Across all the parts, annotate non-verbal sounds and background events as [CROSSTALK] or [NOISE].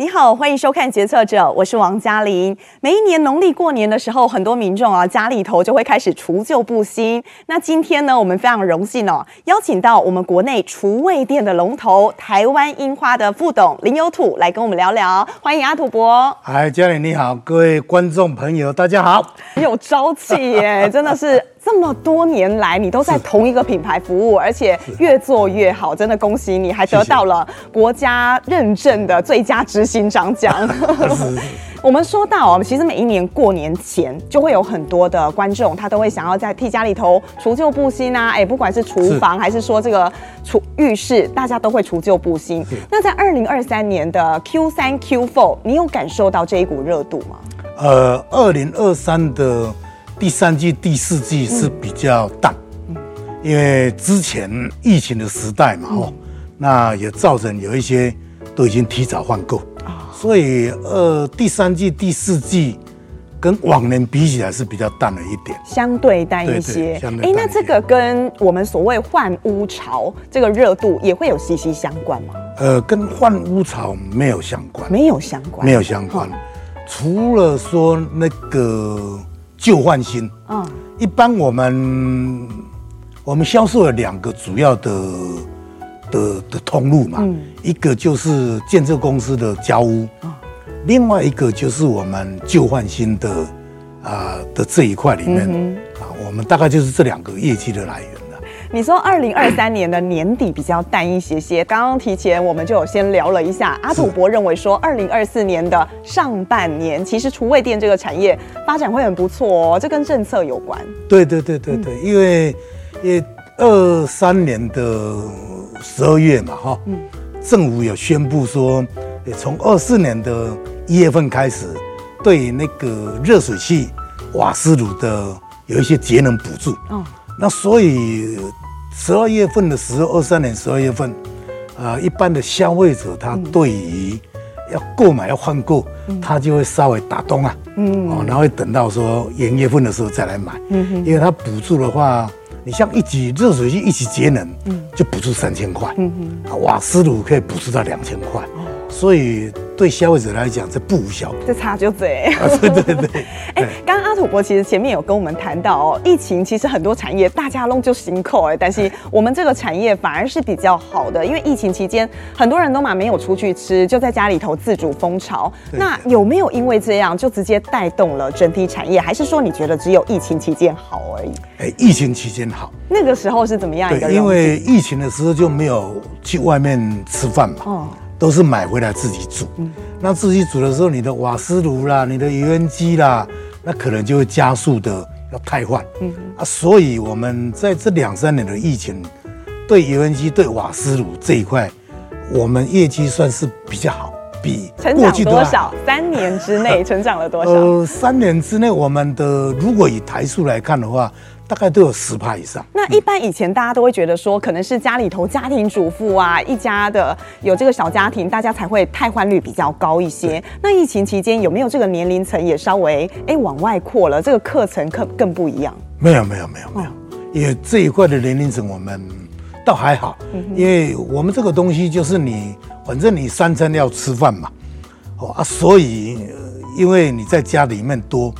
你好，歡迎收看《決策者》，我是王嘉琳。每一年農曆過年的時候，很多民眾啊家裡頭就會開始除舊布新。那今天呢，我們非常榮幸哦，邀請到我們國內廚衛電的龍頭——台灣櫻花的副董林有土來跟我們聊聊。歡迎阿土伯！嗨，嘉琳你好，各位觀眾朋友大家好，有朝氣耶、欸，真的是。 [LAUGHS] 這麼多年來，你都在同一個品牌服務，是而且越做越好，是真的恭喜你，還得到了國家認證的最佳執行長獎。 [LAUGHS] 我們說到哦，其實每一年過年前，就會有很多的觀眾，他都會想要在替家裡頭除舊布新啊、欸，不管是廚房是還是說這個浴室，大家都會除舊布新。是那在二零二三年的 Q 三 Q four，你有感受到這一股熱度嗎？呃，二零二三的。第三季、第四季是比較淡，嗯嗯、因為之前疫情的時代嘛，嗯、那也造成有一些都已經提早換購，哦、所以呃，第三季、第四季跟往年比起來是比較淡了一點，相對淡一些。對，對，對，相對、欸、那這個跟我們所謂換屋潮這個熱度也會有息息相關嗎？呃，跟換屋潮沒有相關，沒有相關，沒有相關，嗯、除了說那個。舊換新，嗯、哦，一般我們我們銷售了兩個主要的的的通路嘛，嗯，一個就是建設公司的交屋，哦、另外一個就是我們舊換新的啊、呃、的這一塊裡面，啊、嗯哼，我們大概就是這兩個業績的來源。你說二零二三年的年底比較淡一些些，嗯、剛剛提前我們就有先聊了一下。阿土伯認為說，二零二四年的上半年是其實廚衛電這個產業發展會很不錯哦，這跟政策有關。對對對對對，嗯、因為也二三年的十二月嘛，哈、嗯，政府有宣布說，從二四年的一月份開始，對那個熱水器、瓦斯爐的有一些節能補助。哦那所以，十二月份的時候，二三年十二月份，呃，一般的消費者他對於要購買要換購，嗯、他就會稍微打動啊，嗯、哦、然後等到說元月份的時候再來買，嗯、哼因為他補助的話，你像一級熱水器一級節能，嗯、就補助三千塊，嗯、哼瓦斯爐可以補助到兩千塊，所以。對消費者來講，這不無小補，這差就嘴、啊、對對對。哎、欸，剛剛阿土伯其實前面有跟我們談到哦，疫情其實很多產業大家弄就辛苦哎，但是我們這個產業反而是比較好的，因為疫情期間很多人都嘛沒有出去吃，就在家裡頭自主風潮。對那的有沒有因為這樣就直接帶動了整體產業？還是說你覺得只有疫情期間好而已？哎、欸，疫情期間好，那個時候是怎麼樣一個？對，因為疫情的時候就沒有去外面吃飯嘛。嗯都是買回來自己煮，嗯、那自己煮的時候，你的瓦斯爐啦，你的油煙機啦，那可能就會加速的要汰換。嗯、哼啊，所以我們在這兩三年的疫情，對油煙機、對瓦斯爐這一塊，我們業績算是比較好，比過去成長多少？三年之內成長了多少？ [LAUGHS] 呃、三年之內，我們的如果以台數來看的話。大概都有十趴以上。那一般以前大家都會覺得說，可能是家裡頭家庭主婦啊，一家的有這個小家庭，大家才會汰換率比較高一些。對那疫情期間有沒有這個年齡層也稍微哎往外擴了？這個課程可更不一樣。沒有，沒有，沒有，沒有。哦、因為這一塊的年齡層我們倒還好，嗯、哼因為我們這個東西就是你反正你三餐要吃飯嘛，哦，啊、所以、呃、因為你在家裡面多，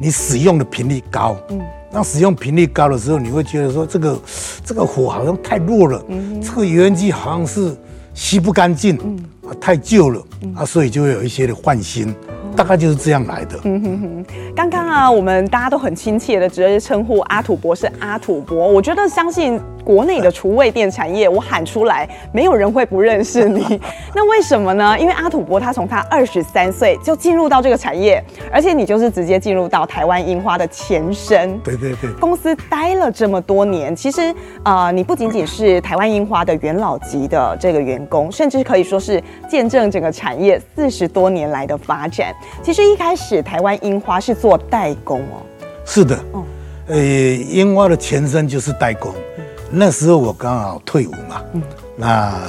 你使用的頻率高。嗯。那使用頻率高的時候，你會覺得說，這個這個火好像太弱了，嗯嗯，這個油煙機好像是吸不乾淨，嗯、啊太舊了、嗯、啊，所以就會有一些的換新。大概就是這樣來的。嗯哼哼，剛剛啊，我們大家都很親切的直接稱呼阿土伯是阿土伯。我覺得相信國內的廚衛電產業，我喊出來沒有人會不認識你。那為什麼呢？因為阿土伯他從他二十三歲就進入到這個產業，而且你就是直接進入到台灣櫻花的前身。對對對。公司待了這麼多年，其實啊、呃，你不僅僅是台灣櫻花的元老級的這個員工，甚至可以說是見證整個產業四十多年來的發展。其實一開始台灣櫻花是做代工哦。是的，嗯，呃、欸，櫻花的前身就是代工。嗯、那時候我剛好退伍嘛，嗯，那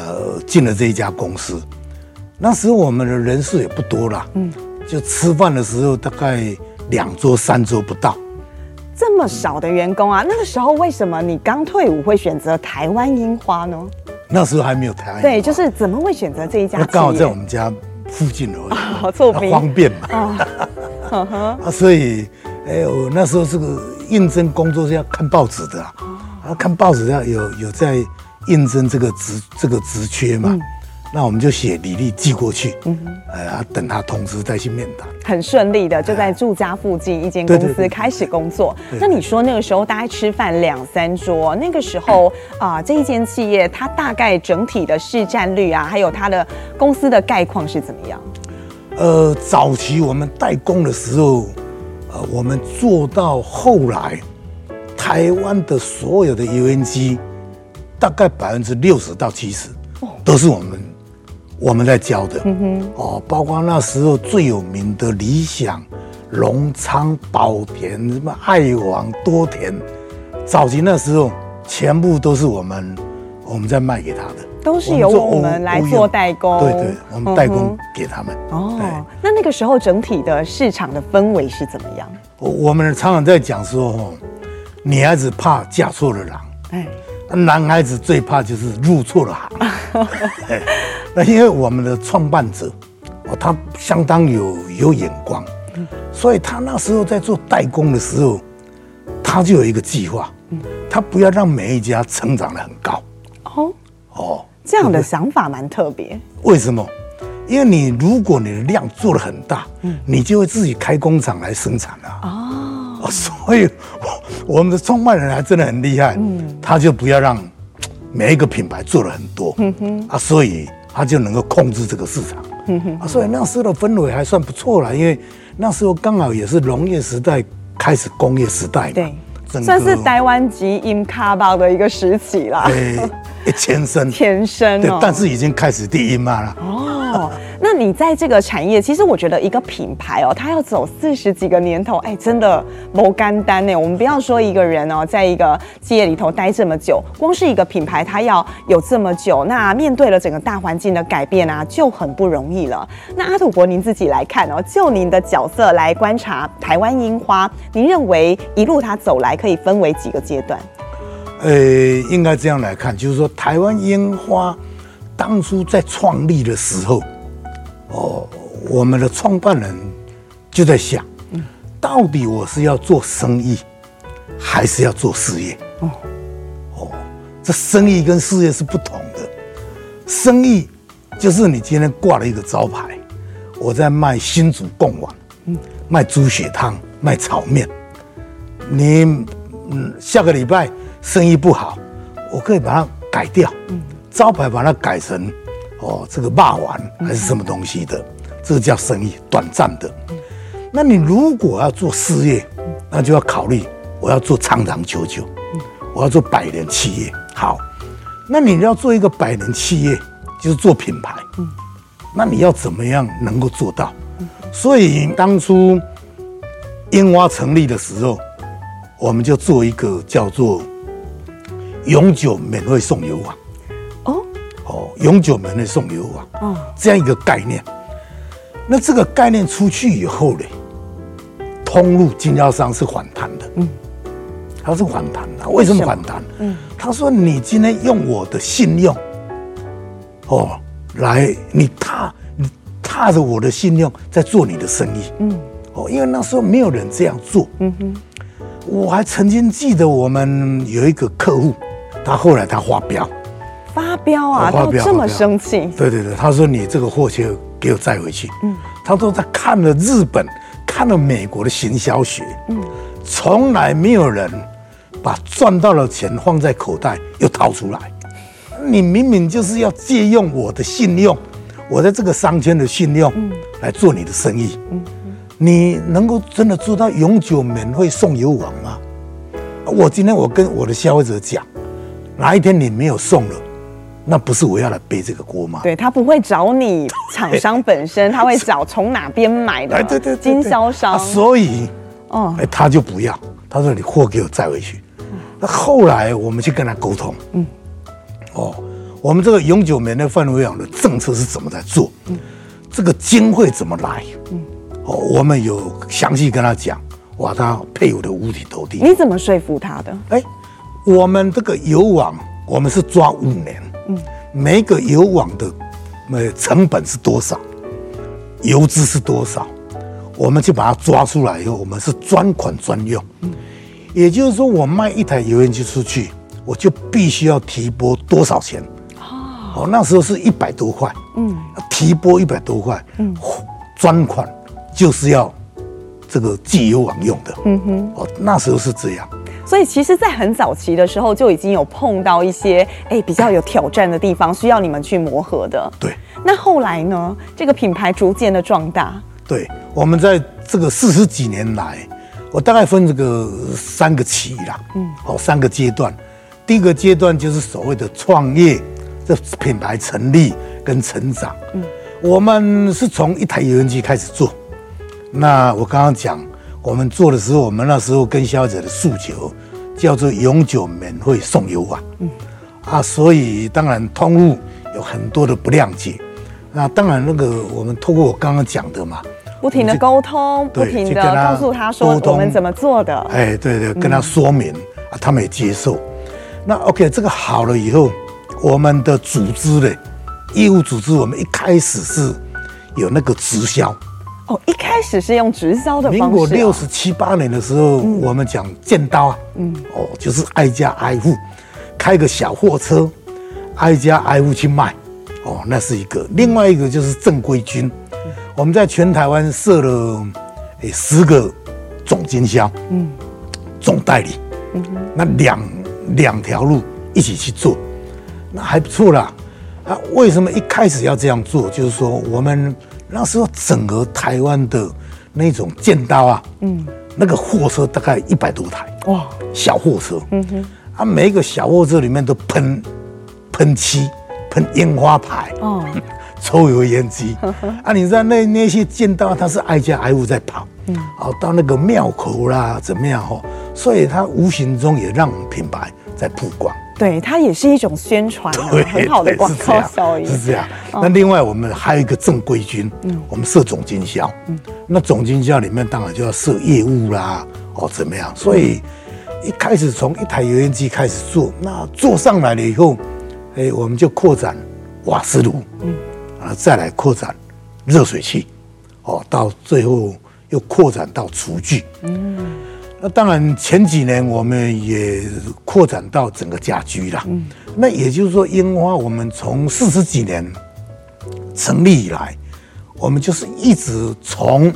進了這一家公司。那時候我們的人數也不多了，嗯，就吃飯的時候大概兩桌三桌不到。這麼少的員工啊，那個時候為什麼你剛退伍會選擇台灣櫻花呢？那時候還沒有台灣櫻花。對，就是怎麼會選擇這一家？那剛好在我們家、嗯。嗯附近嘍、啊，好方便嘛！啊， [LAUGHS] 啊，所以，哎、欸，我那時候這個應徵工作是要看報紙的啊，哦、啊，看報紙要有有在應徵這個職這個職缺嘛。嗯那我們就寫履歷寄過去，嗯哼，呃，等他通知再去面談，很順利的，就在住家附近一間公司開始工作。對對對對，那你說那個時候大家吃飯兩三桌，那個時候啊、嗯，呃，這一間企業它大概整體的市占率啊，還有它的公司的概況是怎麼樣？呃，早期我們代工的時候，呃，我們做到後來，台灣的所有的油煙機大概百分之六十到七十都是我們。我們在教的，嗯、哼哦，包括那時候最有名的理想、隆昌、寶田、什麼愛王、多田，早期那時候全部都是我們，我們在賣給他的，都是由我們做用來做代工，對對，我們代工給他們。嗯、哼對哦，那那個時候整體的市場的氛圍是怎麼樣？我們常常在講說，女孩子怕嫁錯了郎，哎，男孩子最怕就是入錯了行。 [LAUGHS] [LAUGHS] 那因為我們的創辦者，哦，他相當有有眼光，嗯、所以他那時候在做代工的時候，他就有一個計劃，嗯、他不要讓每一家成長得很高。哦哦，哦這樣的會想法蠻特別。為什麼？因為你如果你的量做得很大，嗯、你就會自己開工廠來生產了、啊。哦,哦，所以我們的創辦人還真的很厲害，嗯、他就不要讓每一個品牌做得很多，嗯哼，啊，所以。他就能夠控制這個市場。嗯哼啊，所以那時候的氛圍還算不錯啦，因為那時候剛好也是農業時代開始工業時代，對，個算是台灣級 i 卡 c 的一個時期啦，對、欸，前身，天生、喔、對，但是已經開始第一嘛了啦，哦。那你在這個產業，其實我覺得一個品牌哦，它要走四十幾個年頭，哎，真的無簡單呢，我們不要說一個人哦，在一個企業裡頭待這麼久，光是一個品牌，它要有這麼久，那面對了整個大環境的改變啊，就很不容易了。那阿土伯，您自己來看哦，就您的角色來觀察台灣櫻花，您認為一路它走來可以分為幾個階段？呃，應該這樣來看，就是說台灣櫻花當初在創立的時候。哦，oh, 我們的創辦人就在想，嗯，到底我是要做生意，還是要做事業？哦、嗯，哦，oh, 這生意跟事業是不同的。生意就是你今天掛了一個招牌，我在賣新竹貢丸，嗯，賣豬血湯，賣炒麵。你嗯，下個禮拜生意不好，我可以把它改掉，嗯，招牌把它改成。哦，這個霸王還是什麼東西的，嗯、這叫生意，短暫的。那你如果要做事業，嗯、那就要考慮我要做長長久久，嗯、我要做百年企業。好，那你要做一個百年企業，就是做品牌。嗯、那你要怎麼樣能夠做到？嗯、所以當初櫻花成立的時候，我們就做一個叫做永久免費送油網。永久門的送禮物啊，哦，這樣一個概念。那這個概念出去以後呢，通路經銷商是反彈的，嗯、他是反彈的。嗯、為什麼反彈？哎嗯、他說你今天用我的信用，哦，來，你踏你踏着我的信用在做你的生意，嗯，哦，因為那時候沒有人這樣做，嗯哼。我還曾經記得我們有一個客戶，他後來他發飆。發飆啊！發飆這麼生氣。對對對，他說：“你這個貨車給我載回去。”嗯，他說：“他看了日本，看了美國的行銷學，嗯、從來沒有人把賺到的錢放在口袋又掏出來。嗯、你明明就是要借用我的信用，我的這個商圈的信用，嗯、來做你的生意。嗯嗯，你能夠真的做到永久免費送油網嗎？我今天我跟我的消費者講，哪一天你沒有送了？”那不是我要來背這個鍋嗎？對，他不會找你廠商本身，對他會找從哪邊買的經銷商，對對對對對、啊。所以哦，哎、欸，他就不要。他說，你貨給我載回去。嗯、那後來我們去跟他溝通，嗯，哦，我們這個永久免費範圍網的政策是怎麼在做？嗯，這個經費怎麼來？嗯，哦，我們有詳細跟他講，哇，他佩服的五體投地。你怎麼說服他的？哎、欸，我們這個有網，我們是抓五年。嗯，每個油網的呃成本是多少，油脂是多少，我們就把它抓出來以後，我們是專款專用。嗯，也就是說，我賣一台油煙機出去，我就必須要提撥多少錢？哦，哦，那時候是一百多塊。嗯，提撥一百多塊。嗯，專款就是要這個既油網用的。嗯哼，哦，那時候是這樣。所以其實，在很早期的時候就已經有碰到一些哎比較有挑戰的地方，需要你們去磨合的。對。那後來呢？這個品牌逐漸的壯大。對，我們在這個四十幾年來，我大概分這個三個期啦。嗯。哦，三個階段。第一個階段就是所謂的創業，這品牌成立跟成長。嗯。我們是從一台油煙機開始做。那我剛剛講，我們做的時候，我們那時候跟消費者的訴求。叫做永久免費送油啊！嗯、啊，所以當然通路有很多的不諒解。那當然，那個我們通過我剛剛講的嘛，不停的溝通，不停的告訴他說通我們怎麼做的。哎、欸，對,對對，跟他說明、嗯啊、他他們也接受。那 OK，這個好了以後，我們的組織的業務組織，我們一開始是有那個直銷。哦、一開始是用直銷的方式、啊。民國六十七八年的時候，嗯、我們講見刀啊，嗯，哦，就是挨家挨戶，開個小貨車，挨家挨戶去賣，哦，那是一個，嗯、另外一個就是正規軍，嗯、我們在全台灣設了、欸、十個總經銷，嗯、總代理，嗯、哼那兩兩條路一起去做，那還不錯啦。啊，為什麼一開始要這樣做？就是說我們。那時候，整個台灣的那種劍刀啊，嗯，那個貨車大概一百多台，哇，小貨車，嗯哼，啊，每一個小貨車裡面都噴噴漆、噴櫻花牌，啊、哦、抽油煙機，啊，你知道那那些劍刀它是挨家挨戶在跑，嗯，好到那個廟口啦，怎麼樣哈、哦？所以它無形中也讓我們品牌在曝光。對，它也是一種宣傳，啊，對很好的廣告效應是這樣。這樣哦，那另外我們還有一個正規軍，嗯，我們設總經銷，嗯，那總經銷裡面當然就要設業務啦，哦，怎麼樣？所以一開始從一台油煙機開始做，嗯，那做上來了以後，哎，我們就擴展瓦斯爐，嗯，啊，再來擴展熱水器，哦，到最後又擴展到廚具，嗯。那當然，前幾年我們也擴展到整個家居啦。嗯、那也就是說，櫻花我們從四十幾年成立以來，我們就是一直從誒、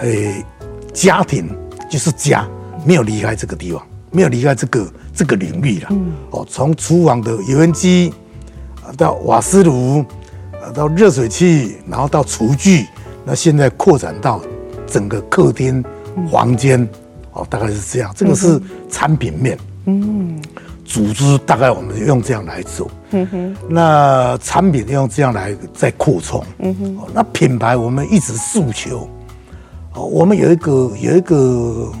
欸、家庭，就是家，沒有離開這個地方，沒有離開這個這個領域了。嗯、哦，從廚房的油煙機，到瓦斯爐，到熱水器，然後到廚具，那現在擴展到整個客廳、嗯、房間。哦，大概是這樣。嗯哼。這個是產品面，嗯哼，組織大概我們用這樣來做，嗯哼。那產品用這樣來再擴充，嗯哼。那品牌我們一直訴求，我們有一個有一個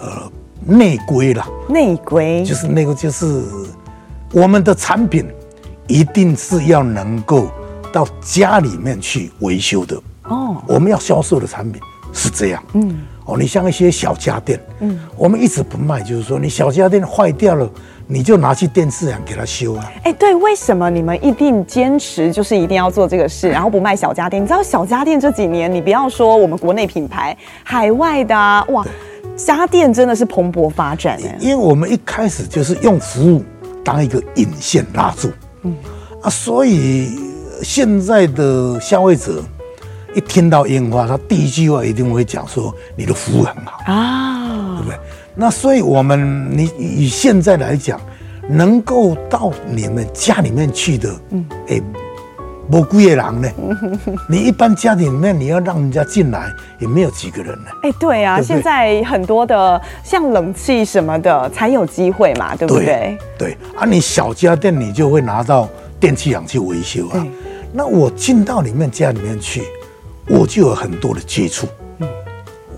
呃內規啦，內規就是那個就是我們的產品一定是要能夠到家裡面去維修的哦。我們要銷售的產品是這樣，嗯。哦，你像一些小家電，嗯，我們一直不賣，就是說你小家電壞掉了，你就拿去電視啊，給他修啊。哎、欸，對，為什麼你們一定堅持就是一定要做這個事，然後不賣小家電？你知道小家電這幾年，你不要說我們國內品牌，海外的，啊，哇，對家電真的是蓬勃發展。欸，因為我們一開始就是用服務當一個引線拉住，嗯啊，所以現在的消費者。一聽到櫻花，他第一句話一定會講說：“你的服務很好啊，oh. 對不對？”那所以我們你以現在來講，能夠到你們家裡面去的，嗯，哎、欸，不貴郎呢？ [LAUGHS] 你一般家裡面你要讓人家進來，也沒有幾個人呢，欸。對啊，對對，現在很多的像冷氣什麼的才有機會嘛，對不對？對，對啊，你小家電你就會拿到電器廠去維修啊。嗯、那我進到你們家裡面去，我就有很多的接觸，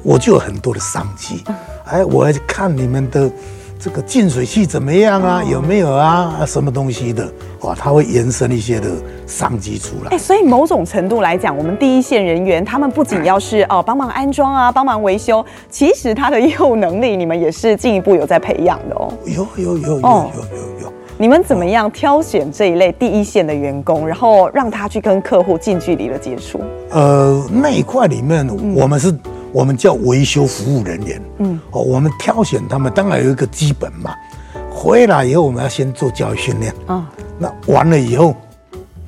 我就有很多的商機，哎，我要看你們的這個淨水器怎麼樣啊，有沒有啊，什麼東西的，哇，它會延伸一些的商機出來。哎、欸，所以某種程度來講，我們第一線人員，他們不僅要是哦幫忙安裝啊，幫忙維修，其實他的業務能力，你們也是進一步有在培養的哦。有有有有有有。有有有哦你們怎麼樣挑選這一類第一線的員工，然後讓他去跟客戶近距離的接觸？呃，那一塊裡面，我們是，嗯、我們叫維修服務人員，嗯，哦，我們挑選他們，當然有一個基本嘛，回來以後我們要先做教育訓練啊，哦、那完了以後，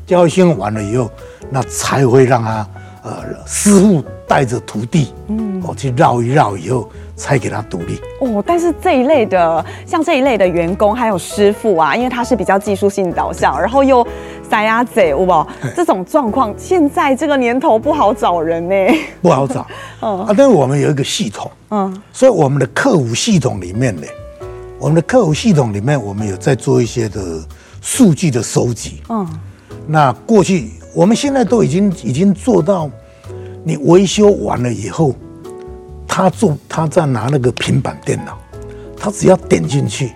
教育訓練完了以後，那才會讓他，呃，師傅帶着徒弟，嗯，哦，去繞一繞以後。才給他獨立哦，但是這一類的，像這一類的員工還有師傅啊，因為他是比較技術性導向，對然後又塞牙嘴，有沒有？對這種狀況，現在這個年頭不好找人呢，不好找。嗯啊，但是我們有一個系統，嗯，所以我們的客服系統裡面呢，我們的客服系統裡面，我們有在做一些的數據的收集，嗯，那過去我們現在都已經已經做到，你維修完了以後。他做，他在拿那個平板電腦，他只要點進去，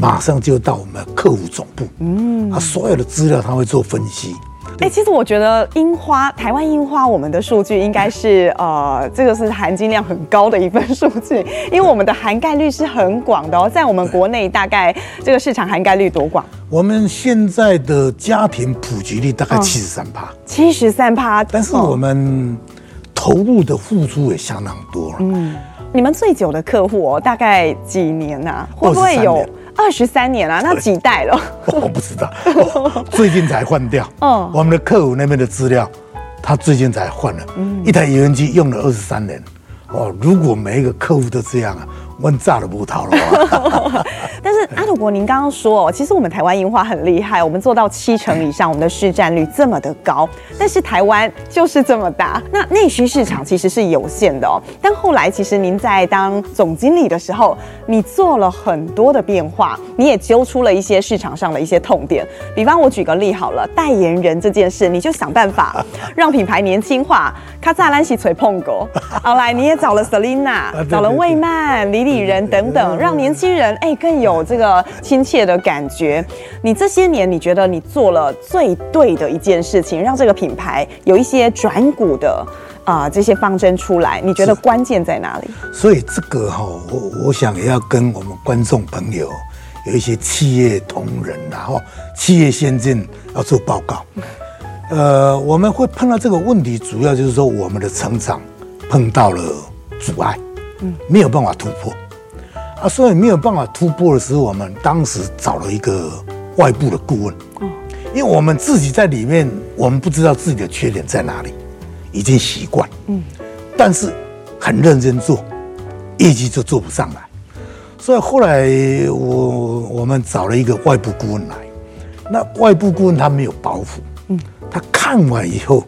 馬上就到我們客服總部。嗯，他、啊、所有的資料他會做分析。哎、欸，其實我覺得櫻花，台灣櫻花，我們的數據應該是呃，這個是含金量很高的一份數據，因為我們的涵蓋率是很廣的哦。在我們國內，大概這個市場涵蓋率多廣？我們現在的家庭普及率大概七十三趴。七十三趴。但是我們。哦投入的付出也相當多了。嗯，你們最久的客戶哦，大概幾年吶、啊？年會不會有二十三年啊？那幾代了？ [LAUGHS] 我不知道，哦、最近才換掉。哦、我們的客戶那邊的資料，他最近才換了。嗯、一台油煙機用了二十三年，哦，如果每一個客戶都這樣啊。問炸的葡萄嘍， [LAUGHS] 但是阿魯國，您剛剛說，其實我們台灣櫻花很厲害，我們做到七成以上，我們的市占率這麼的高，但是台灣就是這麼大，那內需市場其實是有限的。但後來，其實您在當總經理的時候，你做了很多的變化，你也揪出了一些市場上的一些痛點。比方，我舉個例好了，代言人這件事，你就想辦法讓品牌年輕化。卡扎蘭西吹澎哥，後來你也找了 Selina，找了魏蔓、藝人等等，讓年輕人哎、欸、更有這個親切的感覺。你這些年，你覺得你做了最對的一件事情，讓這個品牌有一些轉股的啊、呃、這些方針出來，你覺得關鍵在哪裡？所以這個哈、哦，我我想也要跟我們觀眾朋友有一些企業同仁，然後企業先進要做報告。呃，我們會碰到這個問題，主要就是說我們的成長碰到了阻礙。嗯、沒有辦法突破，啊，所以沒有辦法突破的時候，我們當時找了一個外部的顧問，哦、因為我們自己在裡面，我們不知道自己的缺點在哪裡，已經習慣，嗯、但是很認真做，業績就做不上來，所以後來我我們找了一個外部顧問來，那外部顧問他沒有包袱，嗯、他看完以後，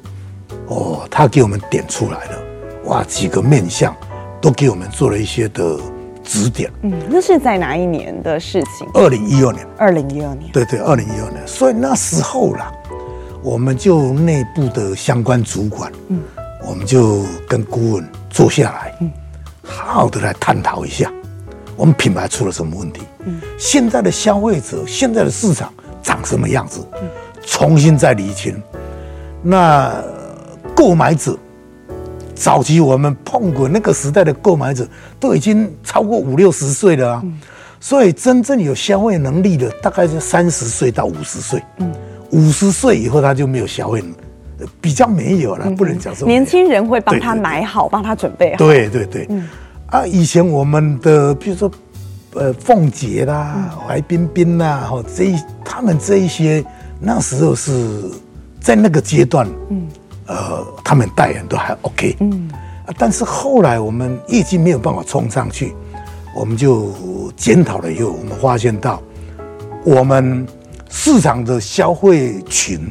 哦，他給我們點出來了，哇，幾個面向。都給我們做了一些的指點。嗯，那是在哪一年的事情？二零一二年。二零一二年，對對，二零一二年。所以那時候啦，我們就內部的相關主管，嗯，我們就跟顧問坐下來，嗯，好好的來探討一下，我們品牌出了什麼問題？嗯，現在的消費者，現在的市場長什麼樣子？嗯，重新再理清。那購買者。早期我們碰過那個時代的購買者，都已經超過五六十歲了啊，嗯、所以真正有消費能力的，大概是三十歲到五十歲。嗯，五十歲以後他就沒有消費，比較沒有了，嗯嗯、不能講說，年輕人會幫他對對對買好，幫他準備。對對對。嗯、啊，以前我們的譬如說，呃，鳳姐啦，白冰冰啦，吼，這一他們這一些，那時候是在那個階段。嗯，嗯。呃，他們代言都還 OK，嗯，啊，但是後來我們業績沒有辦法衝上去，我們就檢討了以後，我們發現到我們市場的消費群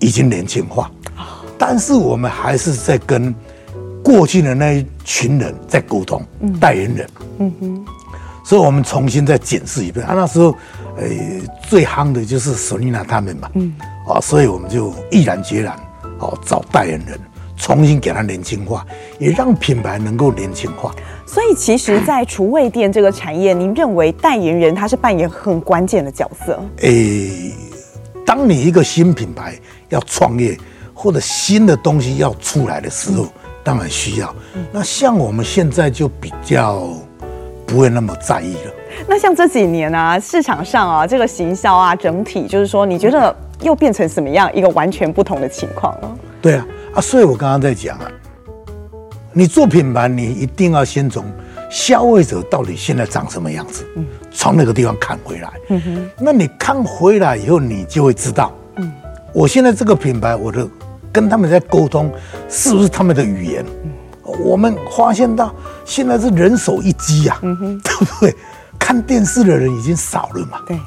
已經年輕化，啊、嗯，但是我們還是在跟過去的那一群人在溝通，嗯，代言人，嗯哼，所以我們重新再檢視一遍，啊，那時候，呃，最夯的就是 Selina 他們嘛，嗯，啊，所以我們就毅然決然。哦，找代言人，重新給他年輕化，也讓品牌能夠年輕化。所以，其實，在廚衛店這個產業，您認為代言人他是扮演很關鍵的角色？誒、欸，當你一個新品牌要創業，或者新的東西要出來的時候，當然需要。那像我們現在就比較不會那麼在意了。嗯、那像這幾年啊，市場上啊，這個行銷啊，整體就是說，你覺得、嗯？又變成什麼樣一個完全不同的情況了、哦？對啊，啊，所以我剛剛在講啊，你做品牌，你一定要先從消費者到底現在長什麼樣子，從、嗯、那個地方看回來。嗯哼，那你看回來以後，你就會知道，嗯，我現在這個品牌，我的跟他們在溝通，是不是他們的語言？嗯、我們發現到現在是人手一機啊，嗯哼， [LAUGHS] 對不對？看電視的人已經少了嘛？對。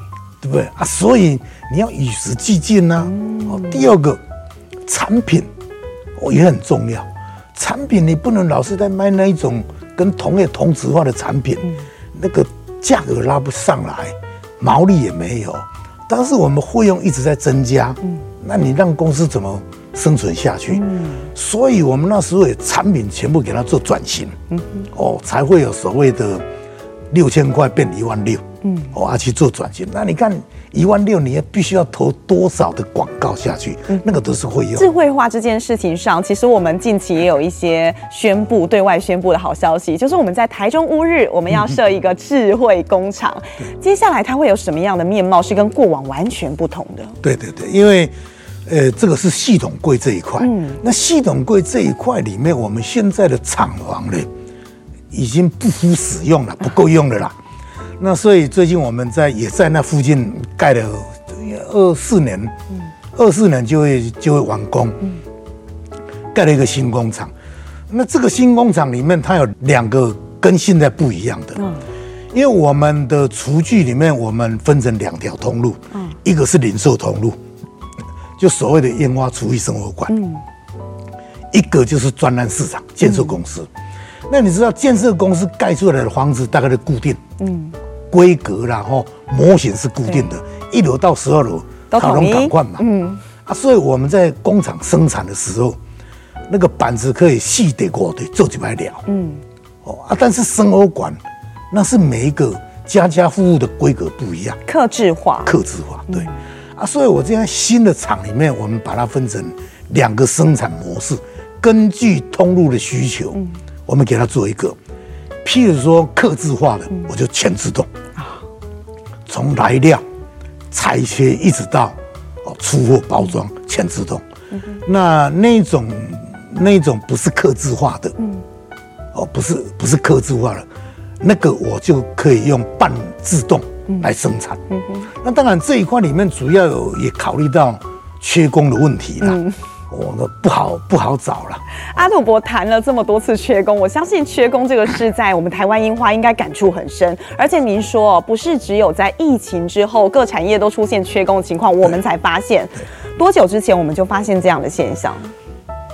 對不對啊？所以你要與時俱進吶、啊。嗯、哦，第二個，產品哦也很重要。產品你不能老是在賣那一種跟同業同質化的產品，嗯、那個價格拉不上來，毛利也沒有。但是我們費用一直在增加，嗯、那你讓公司怎麼生存下去？嗯、所以我們那時候也產品全部給它做轉型，嗯嗯、哦，才會有所謂的六千塊變一萬六。嗯，我要、哦、去做轉型。那你看，一萬六，你必須要投多少的廣告下去？嗯、那個都是會有。智慧化這件事情上，其實我們近期也有一些宣布，對外宣布的好消息，就是我們在台中烏日，我們要設一個智慧工廠。嗯、接下來它會有什麼樣的面貌？是跟過往完全不同的。對對對，因為，呃，這個是系統櫃這一塊。嗯。那系統櫃這一塊裡面，我們現在的廠房呢，已經不敷使用了，不夠用了啦。 [LAUGHS] 那所以最近我們在也在那附近蓋了二四年，二四年就會就會完工，蓋了一個新工廠。那這個新工廠裡面它有兩個跟現在不一樣的，因為我們的廚具裡面我們分成兩條通路，一個是零售通路，就所謂的櫻花廚藝生活館，一個就是專案市場建築公司。那你知道建設公司蓋出來的房子大概的固定嗯規，嗯，規格，然後模型，是固定的，嗯、一樓到十二樓，好容易更嘛，嗯，啊，所以我們在工廠生產的時候，那個板子可以細的、過的做幾百了。嗯哦，哦啊，但是生活館，那是每一個家家戶戶的規格不一樣，客製化，客製化，對，嗯、啊，所以我現在新的廠裡面，我們把它分成兩個生產模式，根據通路的需求，嗯。我們給他做一個，譬如說，客製化的，嗯、我就全自動啊，從來料、裁切，一直到哦出貨包裝，全自動。嗯、哼那那種那種不是客製化的，嗯、哦，不是不是客製化的，那個我就可以用半自動來生產。嗯、那當然這一塊裡面主要有也考慮到缺工的問題啦。嗯我們不好，不好找了。阿土伯談了這麼多次缺工，我相信缺工這個事在 [LAUGHS] 我們台灣櫻花應該感觸很深。而且您說，不是只有在疫情之後各產業都出現缺工的情況，對我們才發現。對多久之前我們就發現這樣的現象？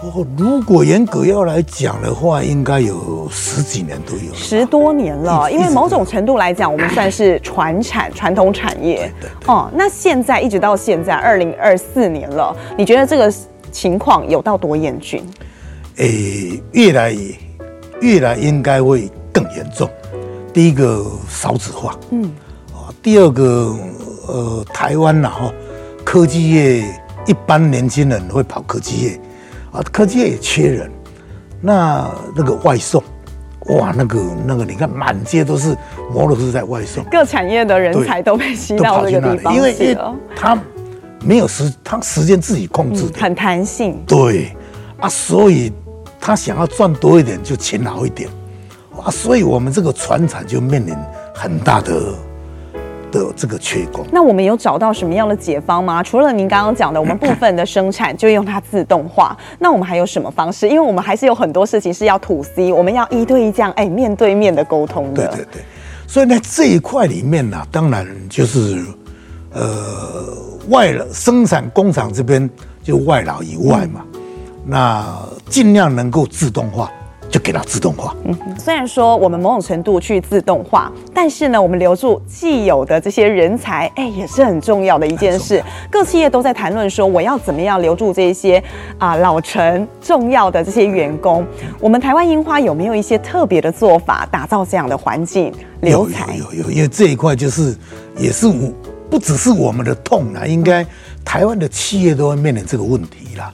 哦，如果嚴格要來講的話，應該有十幾年都有，十多年了。對因為某種程度來講，我們算是傳產，傳 [LAUGHS] 統產業。哦、嗯，那現在一直到現在二零二四年了，你覺得這個？情況有到多嚴峻？誒、欸，越來越來應該會更嚴重。第一個少子化，嗯，啊，第二個，呃，台灣然後科技業一般年輕人會跑科技業，啊，科技業也缺人。那那個外送，哇，那個那個，那個、你看滿街都是摩托車在外送。各產業的人才都被吸到對這個地方去了。因為因為他。 [LAUGHS] 沒有時，他時間自己控制的，嗯、很彈性。對，啊，所以他想要賺多一點，就勤勞一點啊。所以，我們這個船廠就面臨很大的的這個缺工。那我們有找到什麼樣的解方嗎？除了您剛剛講的，我們部分的生產就用它自動化。嗯、那我們還有什麼方式？因為我們還是有很多事情是要土 C，我們要一對一這樣哎，面對面的溝通的。對對對。所以呢，這一塊裡面呢、啊，當然就是呃。外了生產工廠這邊就外勞以外嘛，嗯、那盡量能夠自動化就給它自動化。嗯，雖然說我們某種程度去自動化，但是呢，我們留住既有的這些人才，哎、欸，也是很重要的一件事。各企業都在談論說我要怎麼樣留住這些啊、呃、老成重要的這些員工。嗯、我們台灣櫻花有沒有一些特別的做法打造這樣的環境留才？有有有有，因為這一塊就是也是我。不只是我們的痛啊，應該台灣的企業都會面臨這個問題啦，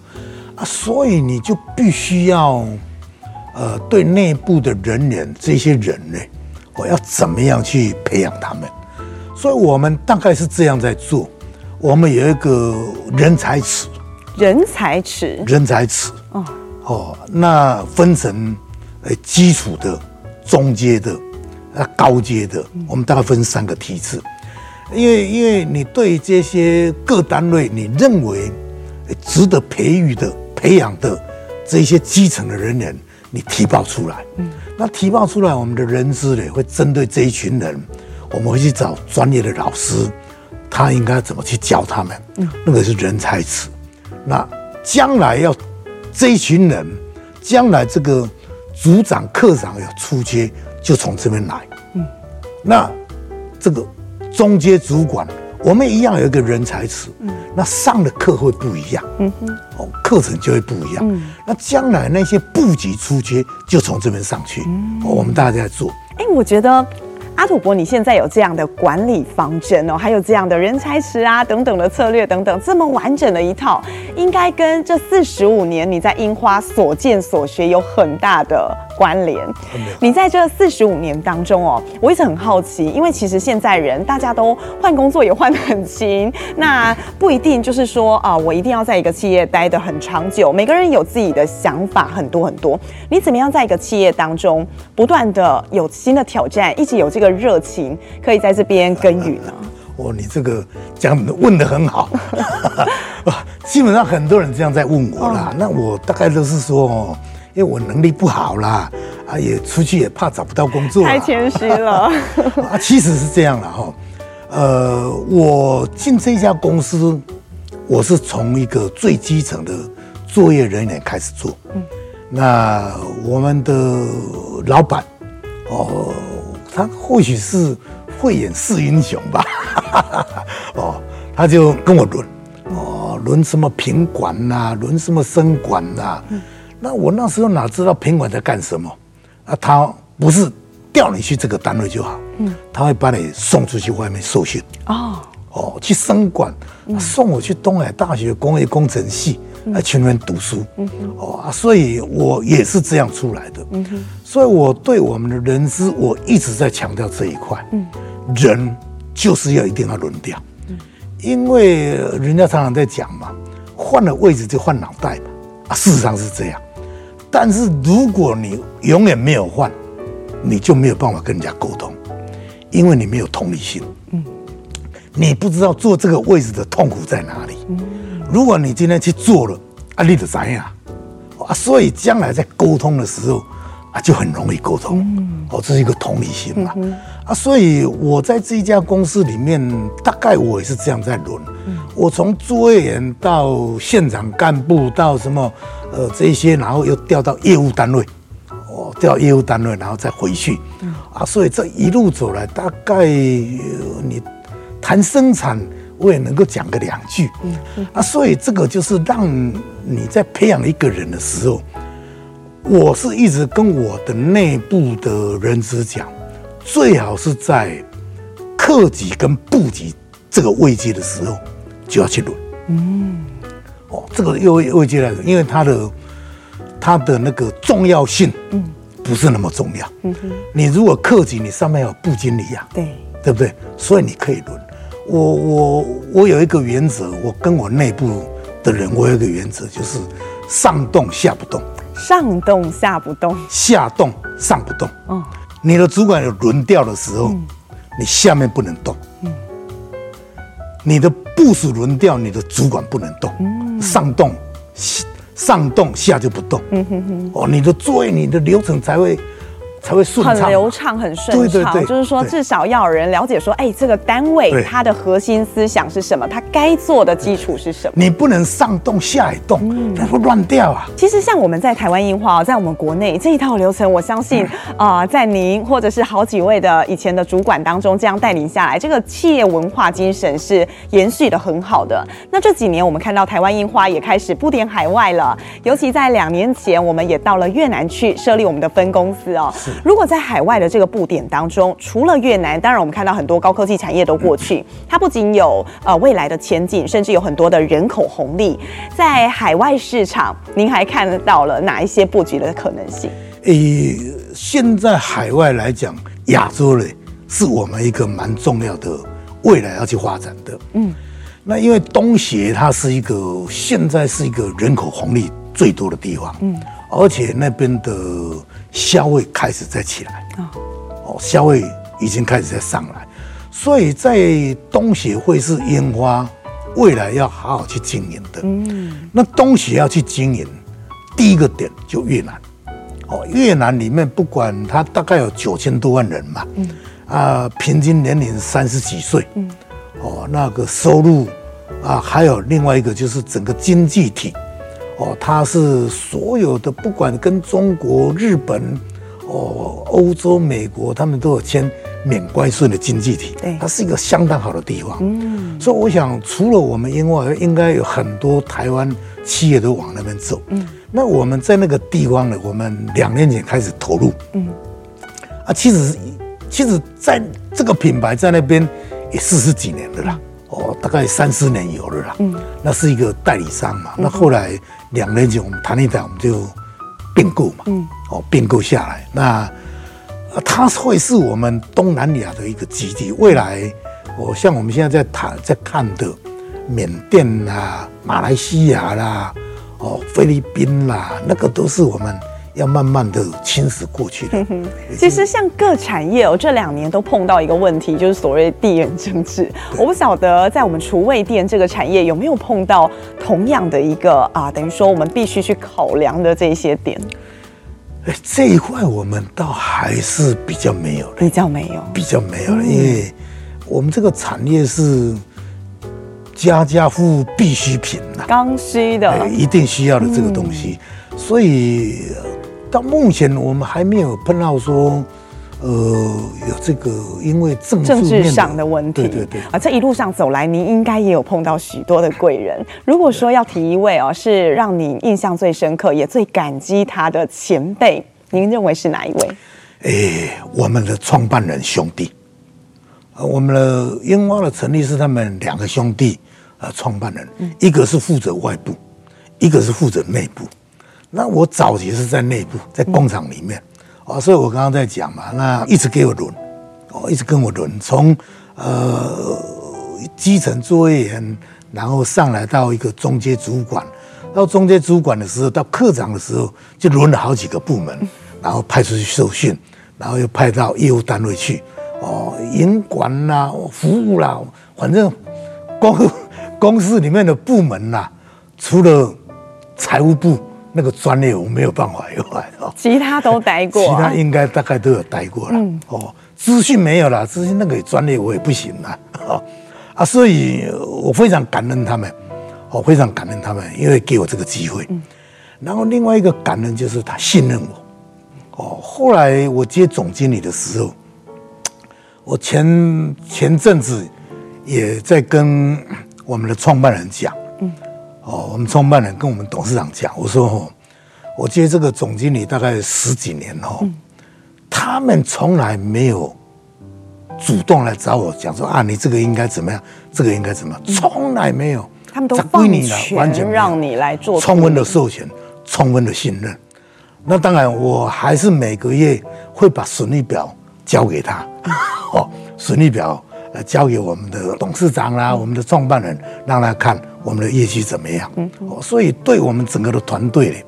啊，所以你就必須要，呃，對內部的人員這些人呢，我、哦、要怎麼樣去培養他們？所以我們大概是這樣在做，我們有一個人才池，人才池，人才池，哦，哦，那分成呃基礎的、中階的、啊、高階的，嗯、我們大概分三個梯次。因為，因為你對這些各單位，你認為值得培育的、培養的這些基層的人員，你提報出來。嗯，那提報出來，我們的人資呢會針對這一群人，我們會去找專業的老師，他應該怎麼去教他們？嗯，那個是人才池。那將來要這一群人，將來這個組長、課長要出街，就從這邊來。嗯，那這個。中階主管，我們一樣有一個人才池，嗯，那上的課會不一樣，嗯哼，哦，課程就會不一樣，嗯，那將來那些布局出街就從這邊上去，嗯，我們大家在做，哎、欸，我覺得阿土伯你現在有這樣的管理方針哦，還有這樣的人才池啊等等的策略等等，這麼完整的一套，應該跟這四十五年你在櫻花所見所學有很大的。關聯，你在這四十五年當中哦，我一直很好奇，因為其實現在人大家都換工作也換得很勤，那不一定就是說啊、哦，我一定要在一個企業待得很長久。每個人有自己的想法，很多很多。你怎麼樣在一個企業當中不斷的有新的挑戰，一直有這個熱情，可以在這邊耕耘呢？哦、啊啊，你這個講的問得很好， [LAUGHS] 基本上很多人這樣在問我啦，嗯、那我大概都是說哦。因為我能力不好啦，啊，也出去也怕找不到工作。太謙虛了。啊， [LAUGHS] 其實是這樣了哈，呃，我進這家公司，我是從一個最基層的作業人員開始做。嗯。那我們的老板，哦，他或許是慧眼識英雄吧。 [LAUGHS] 哦，他就跟我輪哦，輪什麼品管吶，輪什麼生管吶、啊。那我那時候哪知道品管在幹什麼？啊，他不是調你去這個單位就好，嗯，他會把你送出去外面受訓哦，哦，去生管、嗯啊，送我去東海大學工業工程系來全面讀書，嗯哼，哦，所以我也是這樣出來的，嗯、哼所以我對我們的人資，我一直在強調這一塊，嗯，人就是要一定要輪調，嗯、因為人家常常在講嘛，換了位置就換腦袋嘛，啊，事實上是這樣。但是如果你永遠沒有換，你就沒有辦法跟人家溝通，因為你沒有同理心。嗯，你不知道坐這個位置的痛苦在哪裡。嗯、如果你今天去做了，啊，你得咋樣？啊，所以將來在溝通的時候，啊，就很容易溝通。哦、嗯，這是一個同理心嘛、啊？嗯、哼啊，所以我在這一家公司裡面，大概我也是這樣在輪、嗯、我從作業員到現場幹部到什麼？呃，這些然後又調到業務單位，哦，調業務單位，然後再回去，嗯、啊，所以這一路走來，大概、呃、你談生產，我也能夠講個兩句，嗯，嗯啊，所以這個就是讓你在培養一個人的時候，我是一直跟我的內部的人士講，最好是在課級跟部級這個位階的時候就要去輪，嗯。這個又未接來，因為它的它的那個重要性，嗯，不是那麼重要，嗯哼。你如果客氣，你上面有部經理呀，啊，對對不對？所以你可以輪。我我我有一個原則，我跟我內部的人，我有一個原則，就是上動下不動，上動下不動，下動上不動。哦、你的主管有輪調的時候，嗯、你下面不能動。嗯、你的。部署輪調，你的主管不能動，嗯、上動上動下就不動。嗯、哼哼哦，你的作業、你的流程才會。才會很流暢，很順暢。對對對，就是說，至少要有人了解說，哎、欸，這個單位它的核心思想是什麼，對它該做的基礎是什麼。你不能上動下也動，那會亂掉啊。其實，像我們在台灣櫻花、哦，在我們國內這一套流程，我相信啊、嗯呃，在您或者是好幾位的以前的主管當中，這樣帶領下來，這個企業文化精神是延續的很好的。那這幾年，我們看到台灣櫻花也開始布點海外了，尤其在兩年前，我們也到了越南去設立我們的分公司哦。如果在海外的這個布點當中，除了越南，當然我們看到很多高科技產業都過去，嗯、它不僅有呃未來的前景，甚至有很多的人口紅利，在海外市場，您還看到了哪一些布局的可能性？誒、欸，現在海外來講，亞洲嘞是我們一個蠻重要的未來要去發展的。嗯，那因為東協它是一個現在是一個人口紅利最多的地方，嗯，而且那邊的。消費開始在起來哦，消費已經開始在上來，所以在東協會是櫻花，未來要好好去經營的。嗯，那東協要去經營，第一個點就越南，哦，越南裡面不管它大概有九千多萬人嘛，嗯，啊、呃，平均年齡三十幾歲，嗯，哦，那個收入，啊、呃，還有另外一個就是整個經濟體。哦，它是所有的，不管跟中國、日本、哦、歐洲、美國，他們都有簽免關稅的經濟體。對，它是一個相當好的地方。嗯，所以我想，除了我們以外，應該有很多台灣企業都往那邊走。嗯，那我們在那個地方呢，我們兩年前開始投入。嗯，啊，其實其實在這個品牌在那邊也四十幾年了啦。哦，大概三四年有了啦，嗯，那是一個代理商嘛，嗯、哼那後來兩年前我們談了一談我們就併購嘛，嗯，哦併購下來，那它會是我們東南亞的一個基地。未來，我、哦、像我們現在在談在看的緬甸啦、馬來西亞啦、哦菲律賓啦，那個都是我們。要慢慢的侵蝕過去呵呵經其實像各產業，我這兩年都碰到一個問題，就是所謂地緣政治。對我不曉得在我們廚衛電這個產業有沒有碰到同樣的一個啊，等於說我們必須去考量的這些點。這一塊我們倒還是比較沒有的，比較沒有，比較沒有了，因為我們這個產業是家家戶戶必需品吶、啊，剛需的，一定需要的這個東西，嗯、所以。到目前，我們還沒有碰到說，呃，有這個因為政治面的政治上的問題，對對，對啊，這一路上走來，您應該也有碰到許多的貴人。如果說要提一位哦，是讓你印象最深刻也最感激他的前輩，您認為是哪一位？哎、欸，我們的創辦人兄弟，呃、我們的櫻花的成立是他們兩個兄弟啊、呃，創辦人，嗯、一個是負責外部，一個是負責內部。那我早期是在內部，在工廠裡面啊，嗯、所以我剛剛在講嘛，那一直給我輪，哦，一直跟我輪，從呃基層作業員，然後上來到一個中階主管，到中階主管的時候，到課長的時候，就輪了好幾個部門，然後派出去受訓，然後又派到業務單位去，哦、呃，營管啦，服務啦、啊，反正公公司裡面的部門吶、啊，除了財務部。那個專利我沒有辦法用，塊哦，其他都待過、啊，其他應該大概都有待過了，嗯哦，資訊沒有了，資訊那個專利我也不行啊、哦，啊，所以我非常感恩他們，我、哦、非常感恩他們，因為給我這個機會，嗯、然後另外一個感恩就是他信任我，哦後來我接總經理的時候，我前前陣子也在跟我們的創辦人講。哦，我們創辦人跟我們董事長講，我說、哦，我接這個總經理大概十幾年哦，嗯、他們從來沒有主動來找我講說啊，你這個應該怎麼樣，這個應該怎麼樣，樣從來沒有，嗯、他們都放權，完全讓你來做，充分的授權，充分的信任。嗯、那當然，我還是每個月會把損益表交給他，嗯、哦，損益表。交給我們的董事長啦、啊，嗯、我們的創辦人，嗯、讓他看我們的業績怎麼樣。嗯，哦，所以對我們整個的團隊，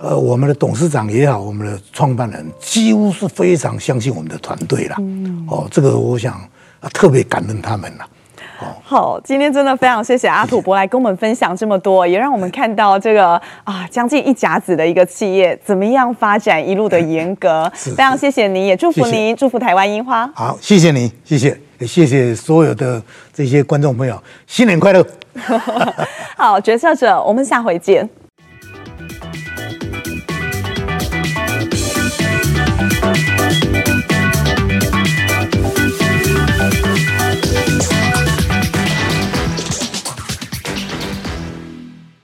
呃，我們的董事長也好，我們的創辦人幾乎是非常相信我們的團隊啦。嗯，哦，這個我想特別感恩他們、啊哦、好，今天真的非常謝謝阿土伯來跟我們分享這麼多，謝謝也讓我們看到這個啊，將近一甲子的一個企業怎麼樣發展一路的嚴格。是非常謝謝您，也祝福您，謝謝祝福台灣櫻花。好，謝謝你，謝謝。謝謝所有的這些觀眾朋友，新年快樂！ [LAUGHS] [LAUGHS] 好，決策者，我們下回見。